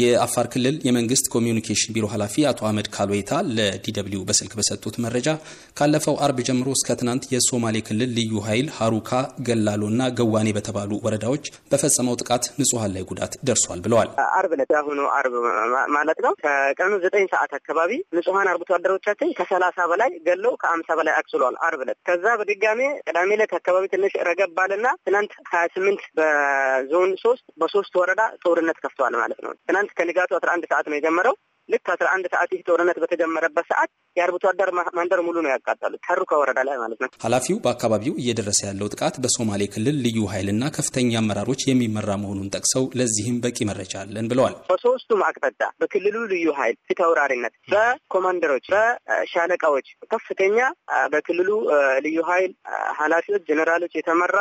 የአፋር ክልል የመንግስት ኮሚዩኒኬሽን ቢሮ ኃላፊ አቶ አህመድ ካልዌታ ለዲደብሊው በስልክ በሰጡት መረጃ ካለፈው አርብ ጀምሮ እስከ ትናንት የሶማሌ ክልል ልዩ ኃይል ሀሩካ፣ ገላሎና ገዋኔ በተባሉ ወረዳዎች በፈጸመው ጥቃት ንጹሀን ላይ ጉዳት ደርሷል ብለዋል። አርብ ዕለት አሁኑ አርብ ማለት ነው። ከቀኑ ዘጠኝ ሰዓት አካባቢ ንጹሀን አርብቶ አደሮቻችን ከሰላሳ በላይ ገሎ ከአምሳ በላይ አክስሏል። አርብ ዕለት ከዛ በድጋሜ ቅዳሜ ዕለት አካባቢ ትንሽ ረገብ ትናንት ሀያ ስምንት በዞን ሶስት በሶስት ወረዳ ጦርነት ከፍተዋል ማለት ነው። ትናንት ከንጋቱ አስራ አንድ ሰዓት ነው የጀመረው። ልክ አስራ አንድ ሰዓት ይህ ጦርነት በተጀመረበት ሰዓት የአርብቶ አደር መንደር ሙሉ ነው ያቃጠሉት፣ ተሩ ከወረዳ ላይ ማለት ነው። ኃላፊው በአካባቢው እየደረሰ ያለው ጥቃት በሶማሌ ክልል ልዩ ኃይልና ከፍተኛ አመራሮች የሚመራ መሆኑን ጠቅሰው ለዚህም በቂ መረጃ አለን ብለዋል። በሶስቱም አቅጣጫ በክልሉ ልዩ ኃይል ፊት አውራሪነት፣ በኮማንደሮች፣ በሻለቃዎች ከፍተኛ በክልሉ ልዩ ኃይል ኃላፊዎች ጀኔራሎች የተመራ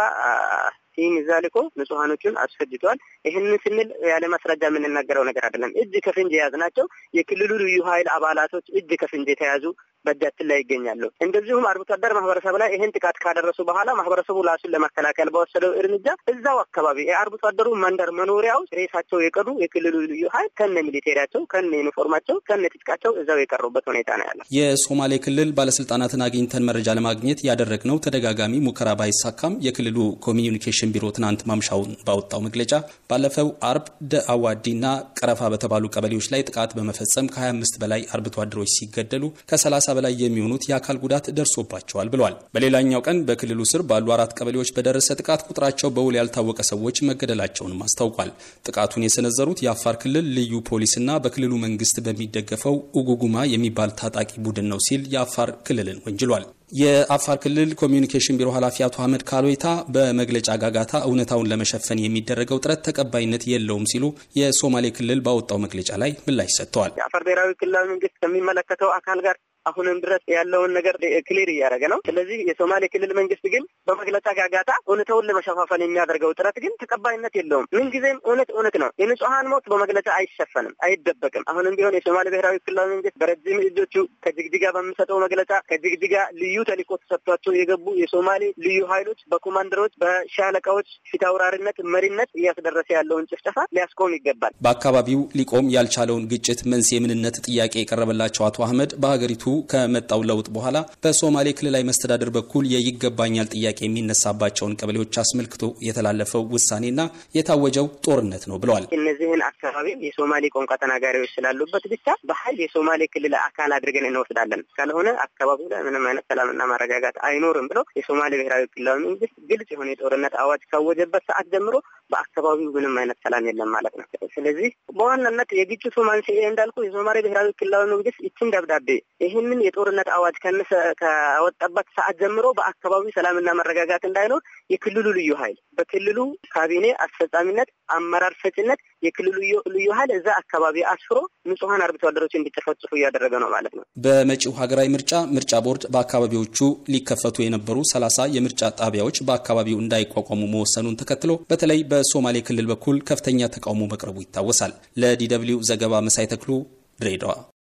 ይህን እዛ ልኮ ንጹሀኖቹን አስፈጅቷል። ይህንን ስንል ያለ ማስረጃ የምንናገረው ነገር አይደለም። እጅ ከፍንጅ የያዝናቸው የክልሉ ልዩ ኃይል አባላቶች እጅ ከፍንጅ የተያዙ በእጃችን ላይ ይገኛሉ። እንደዚሁም አርብቶ አደር ማህበረሰብ ላይ ይህን ጥቃት ካደረሱ በኋላ ማህበረሰቡ ራሱን ለመከላከል በወሰደው እርምጃ እዛው አካባቢ የአርብቶ አደሩ መንደር መኖሪያ ውስጥ ሬሳቸው የቀዱ የክልሉ ልዩ ኃይል ከነ ሚሊቴሪያቸው ከነ ዩኒፎርማቸው ከነ ትጥቃቸው እዛው የቀሩበት ሁኔታ ነው ያለው። የሶማሌ ክልል ባለስልጣናትን አግኝተን መረጃ ለማግኘት ያደረግነው ተደጋጋሚ ሙከራ ባይሳካም የክልሉ ኮሚዩኒኬሽን ቢሮ ትናንት ማምሻውን ባወጣው መግለጫ ባለፈው አርብ ደአዋዲና ቀረፋ በተባሉ ቀበሌዎች ላይ ጥቃት በመፈጸም ከ25 በላይ አርብቶ አደሮች ሲገደሉ ከ30 በላይ የሚሆኑት የአካል ጉዳት ደርሶባቸዋል ብሏል። በሌላኛው ቀን በክልሉ ስር ባሉ አራት ቀበሌዎች በደረሰ ጥቃት ቁጥራቸው በውል ያልታወቀ ሰዎች መገደላቸውንም አስታውቋል። ጥቃቱን የሰነዘሩት የአፋር ክልል ልዩ ፖሊስና በክልሉ መንግስት በሚደገፈው ኡጉጉማ የሚባል ታጣቂ ቡድን ነው ሲል የአፋር ክልልን ወንጅሏል። የአፋር ክልል ኮሚኒኬሽን ቢሮ ኃላፊ አቶ አህመድ ካሎይታ በመግለጫ ጋጋታ እውነታውን ለመሸፈን የሚደረገው ጥረት ተቀባይነት የለውም ሲሉ የሶማሌ ክልል ባወጣው መግለጫ ላይ ምላሽ ሰጥተዋል። የአፋር ብሔራዊ ክልላዊ መንግስት ከሚመለከተው አካል ጋር አሁንም ድረስ ያለውን ነገር ክሊር እያደረገ ነው። ስለዚህ የሶማሌ ክልል መንግስት ግን በመግለጫ ጋጋታ እውነተውን ለመሸፋፈን የሚያደርገው ጥረት ግን ተቀባይነት የለውም። ምንጊዜም እውነት እውነት ነው። የንጹሀን ሞት በመግለጫ አይሸፈንም፣ አይደበቅም። አሁንም ቢሆን የሶማሌ ብሔራዊ ክልላዊ መንግስት በረጅም እጆቹ ከጅግጅጋ በሚሰጠው መግለጫ ከጅግጅጋ ልዩ ተልእኮ ተሰጥቷቸው የገቡ የሶማሌ ልዩ ኃይሎች በኮማንደሮች በሻለቃዎች ፊታውራሪነት መሪነት እያስደረሰ ያለውን ጭፍጨፋ ሊያስቆም ይገባል። በአካባቢው ሊቆም ያልቻለውን ግጭት መንስኤ ምንነት ጥያቄ የቀረበላቸው አቶ አህመድ በሀገሪቱ ከመጣው ለውጥ በኋላ በሶማሌ ክልላዊ መስተዳደር በኩል የይገባኛል ጥያቄ የሚነሳባቸውን ቀበሌዎች አስመልክቶ የተላለፈው ውሳኔና የታወጀው ጦርነት ነው ብለዋል። እነዚህን አካባቢ የሶማሌ ቋንቋ ተናጋሪዎች ስላሉበት ብቻ በሀይል የሶማሌ ክልል አካል አድርገን እንወስዳለን፣ ካልሆነ አካባቢው ላይ ምንም አይነት ሰላምና ማረጋጋት አይኖርም ብሎ የሶማሌ ብሔራዊ ክልላዊ መንግስት ግልጽ የሆነ የጦርነት አዋጅ ካወጀበት ሰዓት ጀምሮ በአካባቢው ምንም አይነት ሰላም የለም ማለት ነው። ስለዚህ በዋናነት የግጭቱ መንስኤ እንዳልኩ የሶማሌ ብሔራዊ ክልላዊ መንግስት ይችን ደብዳቤ ይህንን የጦርነት አዋጅ ከወጣበት ሰዓት ጀምሮ በአካባቢው ሰላምና መረጋጋት እንዳይኖር የክልሉ ልዩ ኃይል በክልሉ ካቢኔ አስፈጻሚነት አመራር ሰጭነት የክልሉ ልዩ ኃይል እዛ አካባቢ አስፍሮ ንጹሐን አርብቶ አደሮች እንዲጨፈጭፉ እያደረገ ነው ማለት ነው። በመጪው ሀገራዊ ምርጫ ምርጫ ቦርድ በአካባቢዎቹ ሊከፈቱ የነበሩ ሰላሳ የምርጫ ጣቢያዎች በአካባቢው እንዳይቋቋሙ መወሰኑን ተከትሎ በተለይ በሶማሌ ክልል በኩል ከፍተኛ ተቃውሞ መቅረቡ ይታወሳል። ለዲ ዘገባ መሳይ ተክሉ ድሬዳዋ